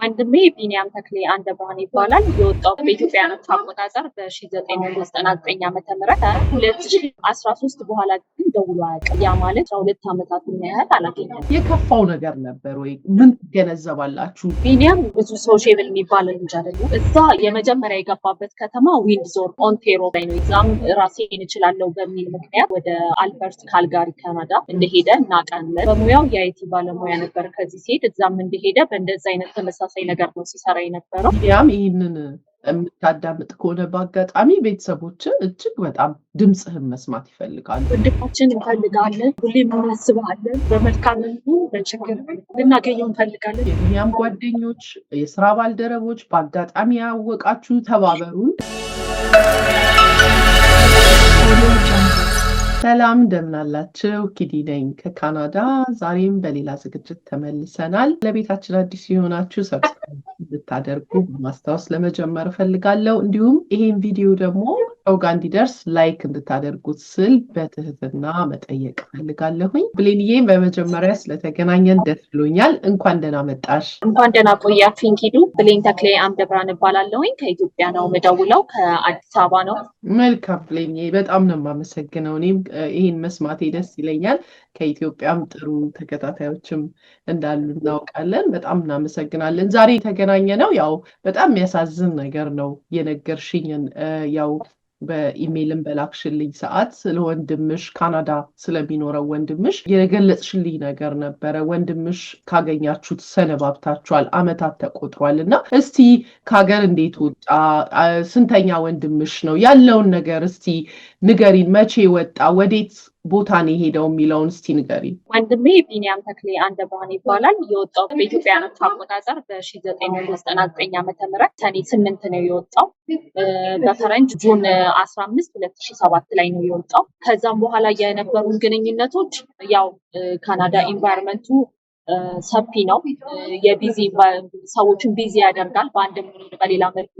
ወንድሜ ቢኒያም ተክሌ አንደብርሃን ይባላል። የወጣው በኢትዮጵያኖች አቆጣጠር በ1999 ዓ ም ሁለት ሺህ በኋላ ግን ደውሎ አያውቅም። ያ ማለት ሁለት ዓመታት ያህል አላገኘም። የከፋው ነገር ነበር ወይ? ምን ትገነዘባላችሁ? ቢኒያም ብዙ ሼብል የሚባል ልጅ አይደለም። እዛ የመጀመሪያ የገባበት ከተማ ዊንድዞር ኦንቴሮ ላይ ነው። እዛም ራሴን እችላለሁ በሚል ምክንያት ወደ አልበርት ካልጋሪ ካናዳ እንደሄደ እናውቃለን። በሙያው የአይቲ ባለሙያ ነበር። ከዚህ ሲሄድ እዛም እንደሄደ በእንደዚ አይነት ተመሳ ተመሳሳይ ነገር ነው ሲሰራ የነበረው። ያም ይህንን የምታዳምጥ ከሆነ በአጋጣሚ ቤተሰቦች እጅግ በጣም ድምፅህን መስማት ይፈልጋሉ። ወንድማችን እንፈልጋለን፣ ሁሌም እናስብሃለን፣ በመልካም በችግር ልናገኘው እንፈልጋለን። የእኛም ጓደኞች፣ የስራ ባልደረቦች በአጋጣሚ ያወቃችሁ ተባበሩን። ሰላም እንደምን ኪዲነኝ ኪዲ ነኝ ከካናዳ። ዛሬም በሌላ ዝግጅት ተመልሰናል። ለቤታችን አዲስ የሆናችሁ ሰብስክራይብ እንድታደርጉ በማስታወስ ለመጀመር እፈልጋለሁ። እንዲሁም ይሄን ቪዲዮ ደግሞ ሰው ጋር እንዲደርስ ላይክ እንድታደርጉት ስል በትህትና መጠየቅ ፈልጋለሁኝ ብሌንዬ፣ በመጀመሪያ ስለተገናኘን ደስ ብሎኛል። እንኳን ደና መጣሽ። እንኳን ደና ቆያ ፊንኪዱ ብሌን ተክሌ አምደብራን እባላለሁኝ። ከኢትዮጵያ ነው ምደውለው ከአዲስ አበባ ነው። መልካም ብሌንዬ፣ በጣም ነው የማመሰግነው እኔም ይህን መስማቴ ደስ ይለኛል። ከኢትዮጵያም ጥሩ ተከታታዮችም እንዳሉ እናውቃለን። በጣም እናመሰግናለን። ዛሬ የተገናኘ ነው ያው በጣም የሚያሳዝን ነገር ነው የነገርሽኝን ያው በኢሜይልን በላክሽልኝ ሰዓት ስለ ወንድምሽ ካናዳ ስለሚኖረው ወንድምሽ የገለጽሽልኝ ነገር ነበረ። ወንድምሽ ካገኛችሁት ሰነባብታችኋል፣ አመታት ተቆጥሯል እና እስቲ ከሀገር እንዴት ወጣ? ስንተኛ ወንድምሽ ነው? ያለውን ነገር እስቲ ንገሪን። መቼ ወጣ? ወዴት ቦታ ነው የሄደው የሚለውን እስቲ ንገሪ። ወንድሜ ቢኒያም ተክሌ ባህን ይባላል። የወጣው በኢትዮጵያውያኖች አቆጣጠር በሺ ዘጠኝ መቶ ዘጠና ዘጠኝ ዓመተ ምህረት ሰኔ ስምንት ነው የወጣው። በፈረንጅ ጁን አስራ አምስት ሁለት ሺ ሰባት ላይ ነው የወጣው። ከዛም በኋላ የነበሩን ግንኙነቶች ያው ካናዳ ኤንቫይሮንመንቱ ሰፊ ነው። የቢዚ ሰዎችን ቢዚ ያደርጋል በአንድም በሌላ መልኩ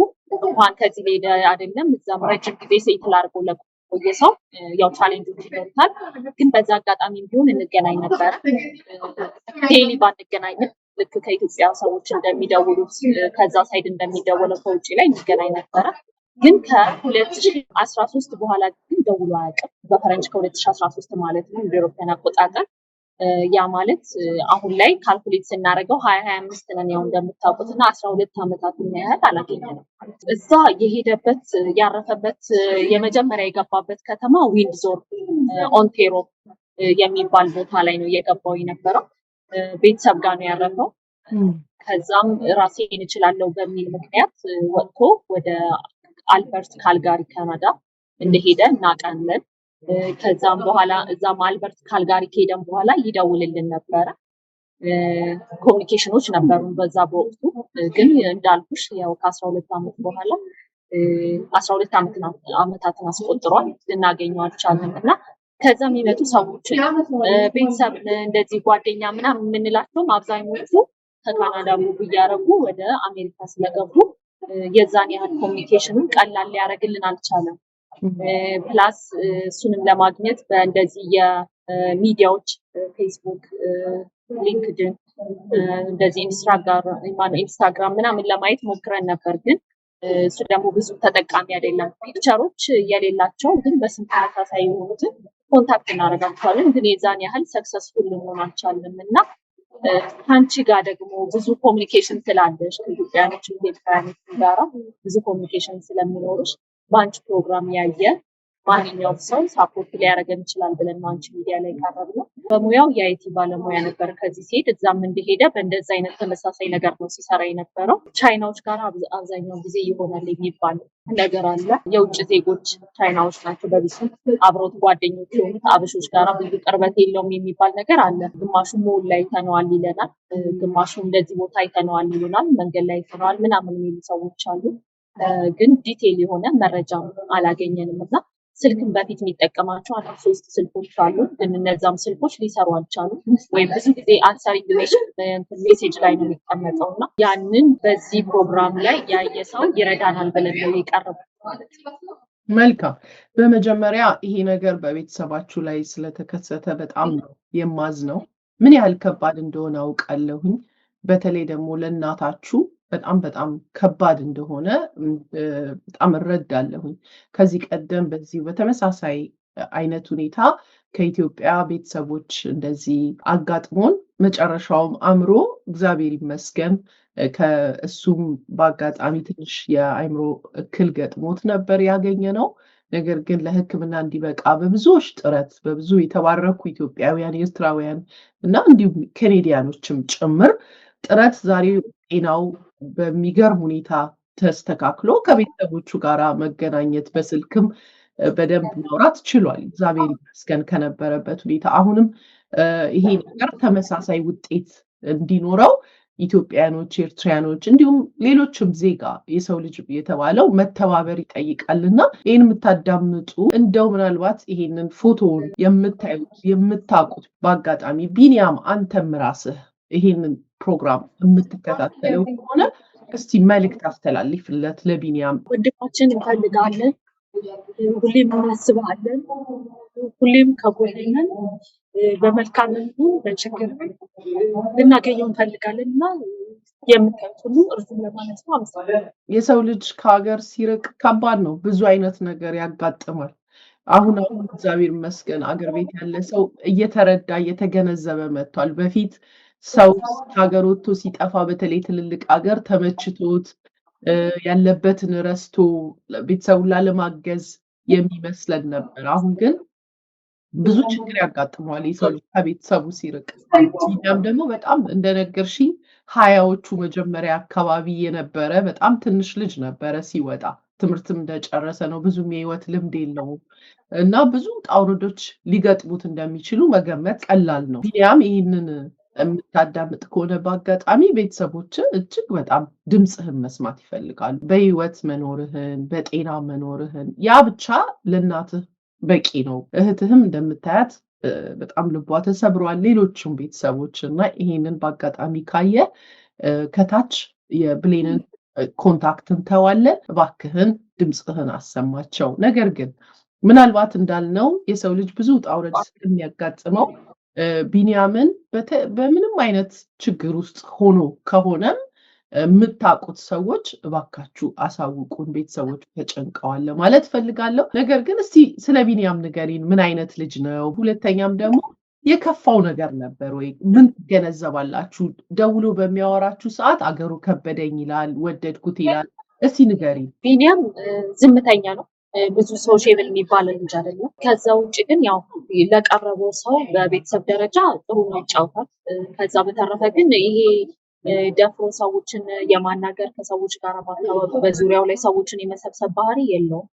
እንኳን ከዚህ ሄደ አይደለም እዛም ረጅም ጊዜ ሴትል አድርጎ የቆየ ሰው ያው ቻሌንጆች ይገሩታል። ግን በዛ አጋጣሚ ቢሆን እንገናኝ ነበር። ዴይሊ ባንገናኝም ልክ ከኢትዮጵያ ሰዎች እንደሚደውሉት ከዛ ሳይድ እንደሚደውለው ከውጭ ላይ እንገናኝ ነበረ። ግን ከ2013 በኋላ ግን ደውሎ አያውቅም። በፈረንጅ ከ2013 ማለት ነው እንደ አውሮፓውያን አቆጣጠር ያ ማለት አሁን ላይ ካልኩሌት ስናደርገው ሀያ ሀያ አምስት ነን ያው እንደምታውቁት እና አስራ ሁለት ዓመታት አላገኘ ነው። እዛ የሄደበት ያረፈበት የመጀመሪያ የገባበት ከተማ ዊንድዞር ኦንቴሮ የሚባል ቦታ ላይ ነው እየገባው የነበረው። ቤተሰብ ጋር ነው ያረፈው። ከዛም ራሴን እችላለሁ በሚል ምክንያት ወጥቶ ወደ አልበርት ካልጋሪ ካናዳ እንደሄደ እናውቃለን። ከዛም በኋላ እዛም አልበርት ካልጋሪ ከሄደን በኋላ ይደውልልን ነበረ። ኮሚኒኬሽኖች ነበሩን በዛ በወቅቱ ግን እንዳልኩሽ ያው ከአስራ ሁለት ዓመት በኋላ አስራ ሁለት ዓመታትን አስቆጥሯል ልናገኘው አልቻልንም እና ከዛ የሚመጡ ሰዎች ቤተሰብ እንደዚህ ጓደኛ ምናምን የምንላቸውም አብዛኞቹ ከካናዳ ሙቭ እያደረጉ ወደ አሜሪካ ስለገቡ የዛን ያህል ኮሚኒኬሽንን ቀላል ሊያደርግልን አልቻለም። ፕላስ እሱንም ለማግኘት በእንደዚህ የሚዲያዎች ፌስቡክ፣ ሊንክድን እንደዚህ ኢንስታግራም ምናምን ለማየት ሞክረን ነበር ግን እሱ ደግሞ ብዙ ተጠቃሚ አይደለም። ፒክቸሮች የሌላቸው ግን በስም ተመሳሳይ የሆኑትን ኮንታክት እናደርጋቸዋለን፣ ግን የዛን ያህል ሰክሰስፉል ልንሆን አልቻልንም እና ከአንቺ ጋር ደግሞ ብዙ ኮሚኒኬሽን ስላለሽ ከኢትዮጵያኖች ኤርትራኖች ጋራ ብዙ ኮሚኒኬሽን ስለሚኖርሽ በአንቺ ፕሮግራም ያየ ማንኛውም ሰው ሳፖርት ሊያደርገን ይችላል ብለን ነው አንቺ ሚዲያ ላይ ነው። በሙያው የአይቲ ባለሙያ ነበር። ከዚህ ሲሄድ እዛም እንደሄደ በእንደዚ አይነት ተመሳሳይ ነገር ነው ሲሰራ የነበረው። ቻይናዎች ጋር አብዛኛው ጊዜ ይሆናል የሚባል ነገር አለ። የውጭ ዜጎች ቻይናዎች ናቸው በብዙ አብሮት ጓደኞች የሆኑት አበሾች ጋር ብዙ ቅርበት የለውም የሚባል ነገር አለ። ግማሹ ሞል ላይ አይተነዋል ይለናል፣ ግማሹ እንደዚህ ቦታ አይተነዋል ይሉናል፣ መንገድ ላይ አይተነዋል ምናምን የሚሉ ሰዎች አሉ። ግን ዲቴይል የሆነ መረጃ አላገኘንም እና ስልክን በፊት የሚጠቀማቸው አንድ ሶስት ስልኮች አሉ። ግን እነዛም ስልኮች ሊሰሩ አልቻሉ። ወይም ብዙ ጊዜ አንሰሪ ሜሴጅ ላይ ነው የሚቀመጠው እና ያንን በዚህ ፕሮግራም ላይ ያየ ሰው ይረዳናል ብለን ነው የቀረቡ ማለት ነው። መልካም። በመጀመሪያ ይሄ ነገር በቤተሰባችሁ ላይ ስለተከሰተ በጣም ነው የማዝነው። ምን ያህል ከባድ እንደሆነ አውቃለሁኝ። በተለይ ደግሞ ለእናታችሁ በጣም በጣም ከባድ እንደሆነ በጣም እረዳለሁኝ። ከዚህ ቀደም በዚህ በተመሳሳይ አይነት ሁኔታ ከኢትዮጵያ ቤተሰቦች እንደዚህ አጋጥሞን መጨረሻውም አምሮ እግዚአብሔር ይመስገን ከእሱም በአጋጣሚ ትንሽ የአእምሮ እክል ገጥሞት ነበር ያገኘ ነው። ነገር ግን ለሕክምና እንዲበቃ በብዙዎች ጥረት በብዙ የተባረኩ ኢትዮጵያውያን፣ ኤርትራውያን እና እንዲሁም ኬኔዲያኖችም ጭምር ጥረት ዛሬ ጤናው በሚገርም ሁኔታ ተስተካክሎ ከቤተሰቦቹ ጋር መገናኘት በስልክም በደንብ ማውራት ችሏል። እግዚአብሔር ይመስገን ከነበረበት ሁኔታ። አሁንም ይሄ ነገር ተመሳሳይ ውጤት እንዲኖረው ኢትዮጵያኖች፣ ኤርትራያኖች እንዲሁም ሌሎችም ዜጋ የሰው ልጅ የተባለው መተባበር ይጠይቃልና ይህን የምታዳምጡ እንደው ምናልባት ይሄንን ፎቶውን የምታዩት የምታውቁት በአጋጣሚ ቢኒያም አንተም ራስህ ይሄንን ፕሮግራም የምትከታተለው ከሆነ እስቲ መልእክት አስተላልፍለት ለቢኒያም። ወንድማችን እንፈልጋለን፣ ሁሌም እናስባለን። ሁሌም ከጎንነን በመልካም በችግር ልናገኘው እንፈልጋለን እና ለማለት ነው። የሰው ልጅ ከሀገር ሲርቅ ከባድ ነው። ብዙ አይነት ነገር ያጋጥማል። አሁን አሁን እግዚአብሔር ይመስገን አገር ቤት ያለ ሰው እየተረዳ እየተገነዘበ መጥቷል። በፊት ሰው ሀገር ወጥቶ ሲጠፋ በተለይ ትልልቅ ሀገር ተመችቶት ያለበትን ረስቶ ቤተሰቡን ላለማገዝ የሚመስለን ነበር። አሁን ግን ብዙ ችግር ያጋጥመዋል የሰው ልጅ ከቤተሰቡ ሲርቅ። እኛም ደግሞ በጣም እንደነገርሽኝ ሀያዎቹ መጀመሪያ አካባቢ የነበረ በጣም ትንሽ ልጅ ነበረ ሲወጣ ትምህርትም እንደጨረሰ ነው። ብዙም የህይወት ልምድ የለውም እና ብዙ ውጣ ውረዶች ሊገጥሙት እንደሚችሉ መገመት ቀላል ነው። ቢኒያም ይህንን የምታዳምጥ ከሆነ በአጋጣሚ ቤተሰቦች እጅግ በጣም ድምፅህን መስማት ይፈልጋሉ። በህይወት መኖርህን፣ በጤና መኖርህን ያ ብቻ ለእናትህ በቂ ነው። እህትህም እንደምታያት በጣም ልቧ ተሰብሯል። ሌሎችም ቤተሰቦች እና ይሄንን በአጋጣሚ ካየ ከታች የብሌንን ኮንታክት ተዋለን እባክህን ድምፅህን አሰማቸው። ነገር ግን ምናልባት እንዳልነው የሰው ልጅ ብዙ ውጣ ውረድ ስለሚያጋጥመው ቢንያምን በምንም አይነት ችግር ውስጥ ሆኖ ከሆነም የምታውቁት ሰዎች እባካችሁ አሳውቁን፣ ቤተሰቦች ተጨንቀዋል ለማለት ፈልጋለሁ። ነገር ግን እስቲ ስለ ቢንያም ንገሪን፣ ምን አይነት ልጅ ነው? ሁለተኛም ደግሞ የከፋው ነገር ነበር ወይ? ምን ትገነዘባላችሁ? ደውሎ በሚያወራችሁ ሰዓት አገሩ ከበደኝ ይላል፣ ወደድኩት ይላል። እስቲ ንገሪ። ቢንያም ዝምተኛ ነው ብዙ ሶሻብል የሚባል ልጅ አይደለም። ከዛ ውጭ ግን ያው ለቀረበው ሰው በቤተሰብ ደረጃ ጥሩ ነው ይጫወታል። ከዛ በተረፈ ግን ይሄ ደፍሮ ሰዎችን የማናገር ከሰዎች ጋር ማታወቅ፣ በዙሪያው ላይ ሰዎችን የመሰብሰብ ባህሪ የለውም።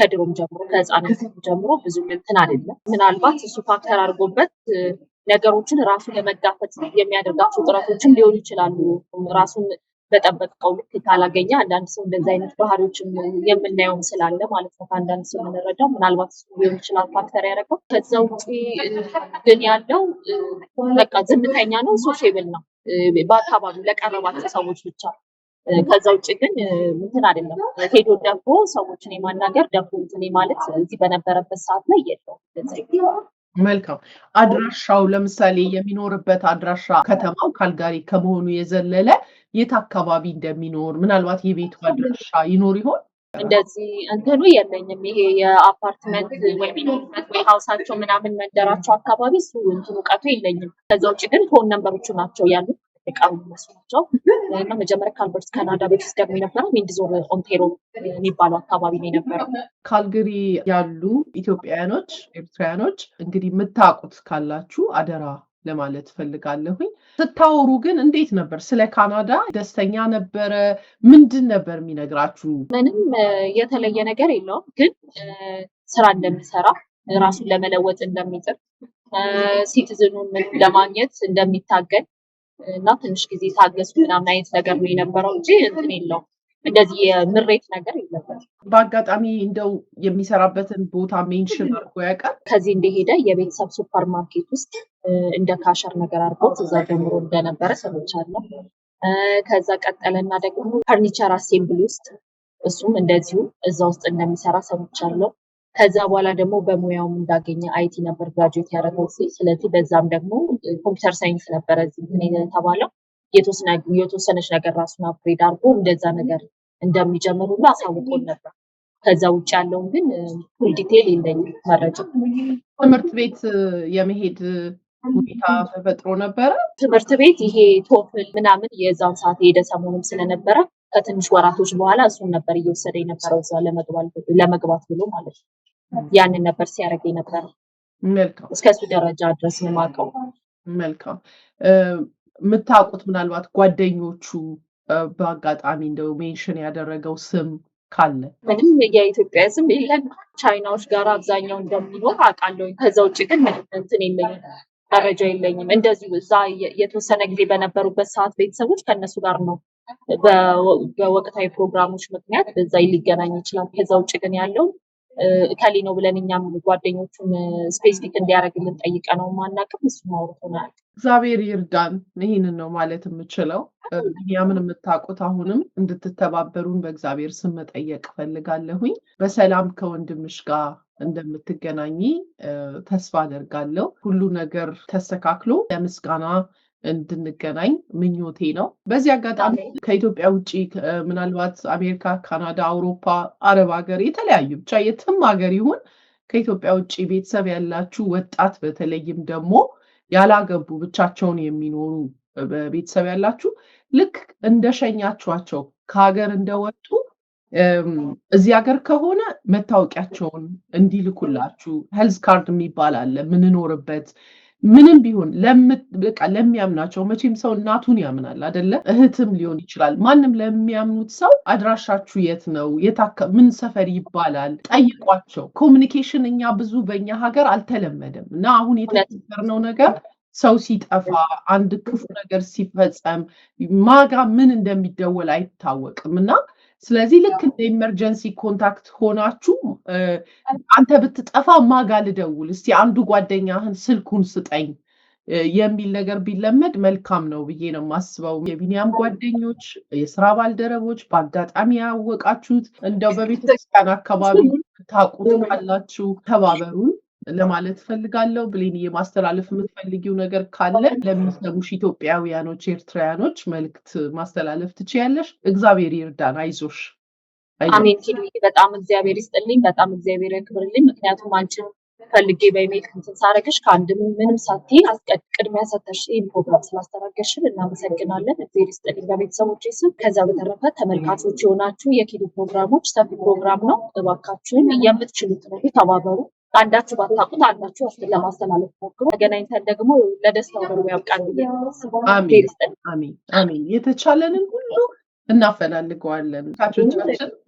ከድሮም ጀምሮ ከህፃናት ጀምሮ ብዙ እንትን አይደለም። ምናልባት እሱ ፋክተር አድርጎበት ነገሮችን ራሱ ለመጋፈጥ የሚያደርጋቸው ጥረቶችም ሊሆኑ ይችላሉ ራሱን በጠበቀው ልክ ካላገኘ አንዳንድ ሰው እንደዚህ አይነት ባህሪዎችን የምናየውም ስላለ ማለት ነው። ከአንዳንድ ሰው የምንረዳው ምናልባት ሊሆን ይችላል ፋክተር ያደረገው። ከዛ ውጪ ግን ያለው በቃ ዝምተኛ ነው፣ ሶሴብል ነው በአካባቢው ለቀረባቸው ሰዎች ብቻ። ከዛ ውጭ ግን እንትን አይደለም ሄዶ ደፍሮ ሰዎችን የማናገር ደፍሮ እንትን ማለት እዚህ በነበረበት ሰዓት ላይ የለውም። መልካም አድራሻው ለምሳሌ የሚኖርበት አድራሻ ከተማው ካልጋሪ ከመሆኑ የዘለለ የት አካባቢ እንደሚኖር ምናልባት የቤቱ አድራሻ ይኖር ይሆን? እንደዚህ እንትኑ የለኝም። ይሄ የአፓርትመንት ወይሚኖርበት ወይ ሀውሳቸው ምናምን መንደራቸው አካባቢ እሱ እንትን እውቀቱ የለኝም። ከዛ ውጭ ግን ፎን ነንበሮቹ ናቸው ያሉት። የቀሩ ይመስላቸው እና መጀመሪያ ካልበርት ካናዳ ውስጥ ደግሞ የነበረው ዊንድዞር ኦንቴሮ የሚባለው አካባቢ ነው የነበረው። ካልግሪ ያሉ ኢትዮጵያውያኖች፣ ኤርትራውያኖች እንግዲህ የምታውቁት ካላችሁ አደራ ለማለት ፈልጋለሁኝ። ስታወሩ ግን እንዴት ነበር? ስለ ካናዳ ደስተኛ ነበረ? ምንድን ነበር የሚነግራችሁ? ምንም የተለየ ነገር የለውም፣ ግን ስራ እንደሚሰራ ራሱን ለመለወጥ እንደሚጥር ሲቲዝኑን ለማግኘት እንደሚታገል እና ትንሽ ጊዜ ታገስኩ ምናምን አይነት ነገር ነው የነበረው እንጂ እንትን የለውም እንደዚህ የምሬት ነገር የለበት። በአጋጣሚ እንደው የሚሰራበትን ቦታ ሜንሽን አድርጎ ያውቃል። ከዚህ እንደሄደ የቤተሰብ ሱፐር ማርኬት ውስጥ እንደ ካሸር ነገር አድርጎት እዛ ጀምሮ እንደነበረ ሰዎች አለ። ከዛ ቀጠለና ደግሞ ፈርኒቸር አሴምብል ውስጥ እሱም እንደዚሁ እዛ ውስጥ እንደሚሰራ ሰዎች አለው። ከዛ በኋላ ደግሞ በሙያውም እንዳገኘ አይቲ ነበር ግራጁዌት ያደረገው። ስለዚህ በዛም ደግሞ ኮምፒውተር ሳይንስ ነበረ የተባለው የተወሰነች ነገር ራሱን አፕግሬድ አድርጎ እንደዛ ነገር እንደሚጀምሩና አሳውቆን ነበር። ከዛ ውጭ ያለውን ግን ፉል ዲቴል የለኝም መረጃ። ትምህርት ቤት የመሄድ ሁኔታ ተፈጥሮ ነበረ። ትምህርት ቤት ይሄ ቶፍል ምናምን የዛን ሰዓት የሄደ ሰሞኑም ስለነበረ ከትንሽ ወራቶች በኋላ እሱን ነበር እየወሰደ የነበረው ለመግባት ብሎ ማለት ነው። ያንን ነበር ሲያደርግ ነበር። መልካም እስከሱ ደረጃ ድረስ የማውቀው። መልካም የምታውቁት ምናልባት ጓደኞቹ በአጋጣሚ እንደው ሜንሽን ያደረገው ስም ካለ ምንም የኢትዮጵያ ስም የለም። ቻይናዎች ጋር አብዛኛው እንደሚኖር አውቃለሁ። ከዛ ውጭ ግን ምንም የለኝም፣ መረጃ የለኝም። እንደዚሁ እዛ የተወሰነ ጊዜ በነበሩበት ሰዓት ቤተሰቦች ከእነሱ ጋር ነው በወቅታዊ ፕሮግራሞች ምክንያት በዛ ሊገናኝ ይችላል። ከዛ ውጭ ግን ያለው እከሌ ነው ብለን እኛም ጓደኞቹን ስፔሲፊክ እንዲያደርግልን ጠይቀ ነው ማናቅም እሱ ማውርቶናል። እግዚአብሔር ይርዳን። ይህንን ነው ማለት የምችለው። ያምን የምታውቁት አሁንም እንድትተባበሩን በእግዚአብሔር ስም መጠየቅ እፈልጋለሁኝ። በሰላም ከወንድምሽ ጋር እንደምትገናኝ ተስፋ አደርጋለሁ። ሁሉ ነገር ተስተካክሎ ለምስጋና እንድንገናኝ ምኞቴ ነው። በዚህ አጋጣሚ ከኢትዮጵያ ውጭ ምናልባት አሜሪካ፣ ካናዳ፣ አውሮፓ፣ አረብ ሀገር የተለያዩ ብቻ የትም ሀገር ይሁን ከኢትዮጵያ ውጭ ቤተሰብ ያላችሁ ወጣት በተለይም ደግሞ ያላገቡ ብቻቸውን የሚኖሩ ቤተሰብ ያላችሁ ልክ እንደሸኛችኋቸው ከሀገር እንደወጡ እዚህ ሀገር ከሆነ መታወቂያቸውን እንዲልኩላችሁ ሄልዝ ካርድ የሚባል አለ ምንኖርበት ምንም ቢሆን በቃ ለሚያምናቸው መቼም ሰው እናቱን ያምናል አደለ? እህትም ሊሆን ይችላል። ማንም ለሚያምኑት ሰው አድራሻችሁ የት ነው? ምን ሰፈር ይባላል? ጠይቋቸው። ኮሚኒኬሽን እኛ ብዙ በእኛ ሀገር አልተለመደም እና አሁን የተቸገርነው ነገር ሰው ሲጠፋ አንድ ክፉ ነገር ሲፈጸም ማጋ ምን እንደሚደወል አይታወቅም እና ስለዚህ ልክ እንደ ኢመርጀንሲ ኮንታክት ሆናችሁ አንተ ብትጠፋ ማጋ ልደውል እስቲ አንዱ ጓደኛህን ስልኩን ስጠኝ የሚል ነገር ቢለመድ መልካም ነው ብዬ ነው የማስበው። የቢኒያም ጓደኞች፣ የስራ ባልደረቦች በአጋጣሚ ያወቃችሁት እንደው በቤተክርስቲያን አካባቢ ታውቁት ካላችሁ ተባበሩን። ለማለት ፈልጋለው ብሌን የማስተላለፍ የምትፈልጊው ነገር ካለ ለሚሰሙሽ ኢትዮጵያውያኖች፣ ኤርትራውያኖች መልክት ማስተላለፍ ትችያለሽ። እግዚአብሔር ይርዳን፣ አይዞሽ። አሜን። በጣም እግዚአብሔር ይስጥልኝ፣ በጣም እግዚአብሔር ያክብርልኝ። ምክንያቱም አንቺን ፈልጌ በኢሜል እንትን ሳረገሽ ከአንድ ምንም ሳቲ ቅድሚያ ሰተሽ ይህን ፕሮግራም ስላስተናገርሽን እናመሰግናለን። እግዚአብሔር ይስጥልኝ በቤተሰቦቼ ስም። ከዛ በተረፈ ተመልካቾች የሆናችሁ የኪዱ ፕሮግራሞች ሰፊ ፕሮግራም ነው። እባካችሁን የምትችሉትን ተባበሩ። አንዳችሁ ባታውቁት አንዳችሁ አስትን ለማስተላለፍ ሞክሩ። ተገናኝተን ደግሞ ለደስታው ነው ያብቃን። አሜን። የተቻለንን ሁሉ እናፈላልገዋለን።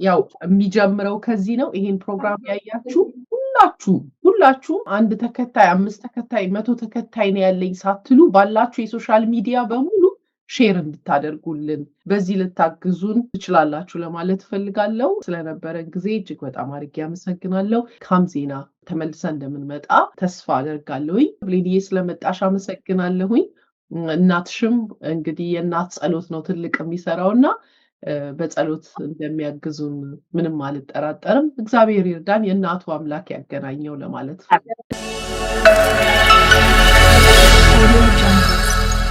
ያው የሚጀምረው ከዚህ ነው። ይሄን ፕሮግራም ያያችሁ ሁላችሁ ሁላችሁም አንድ ተከታይ፣ አምስት ተከታይ፣ መቶ ተከታይ ነው ያለኝ ሳትሉ ባላችሁ የሶሻል ሚዲያ በሙሉ ሼር እንድታደርጉልን በዚህ ልታግዙን ትችላላችሁ ለማለት እፈልጋለሁ። ስለነበረን ጊዜ እጅግ በጣም አድርጌ አመሰግናለሁ። ካም ዜና ተመልሰን እንደምንመጣ ተስፋ አደርጋለሁኝ። ብሌድዬ ስለመጣሽ አመሰግናለሁኝ። እናትሽም እንግዲህ የእናት ጸሎት ነው ትልቅ የሚሰራው እና በጸሎት እንደሚያግዙን ምንም አልጠራጠርም። እግዚአብሔር ይርዳን፣ የእናቱ አምላክ ያገናኘው ለማለት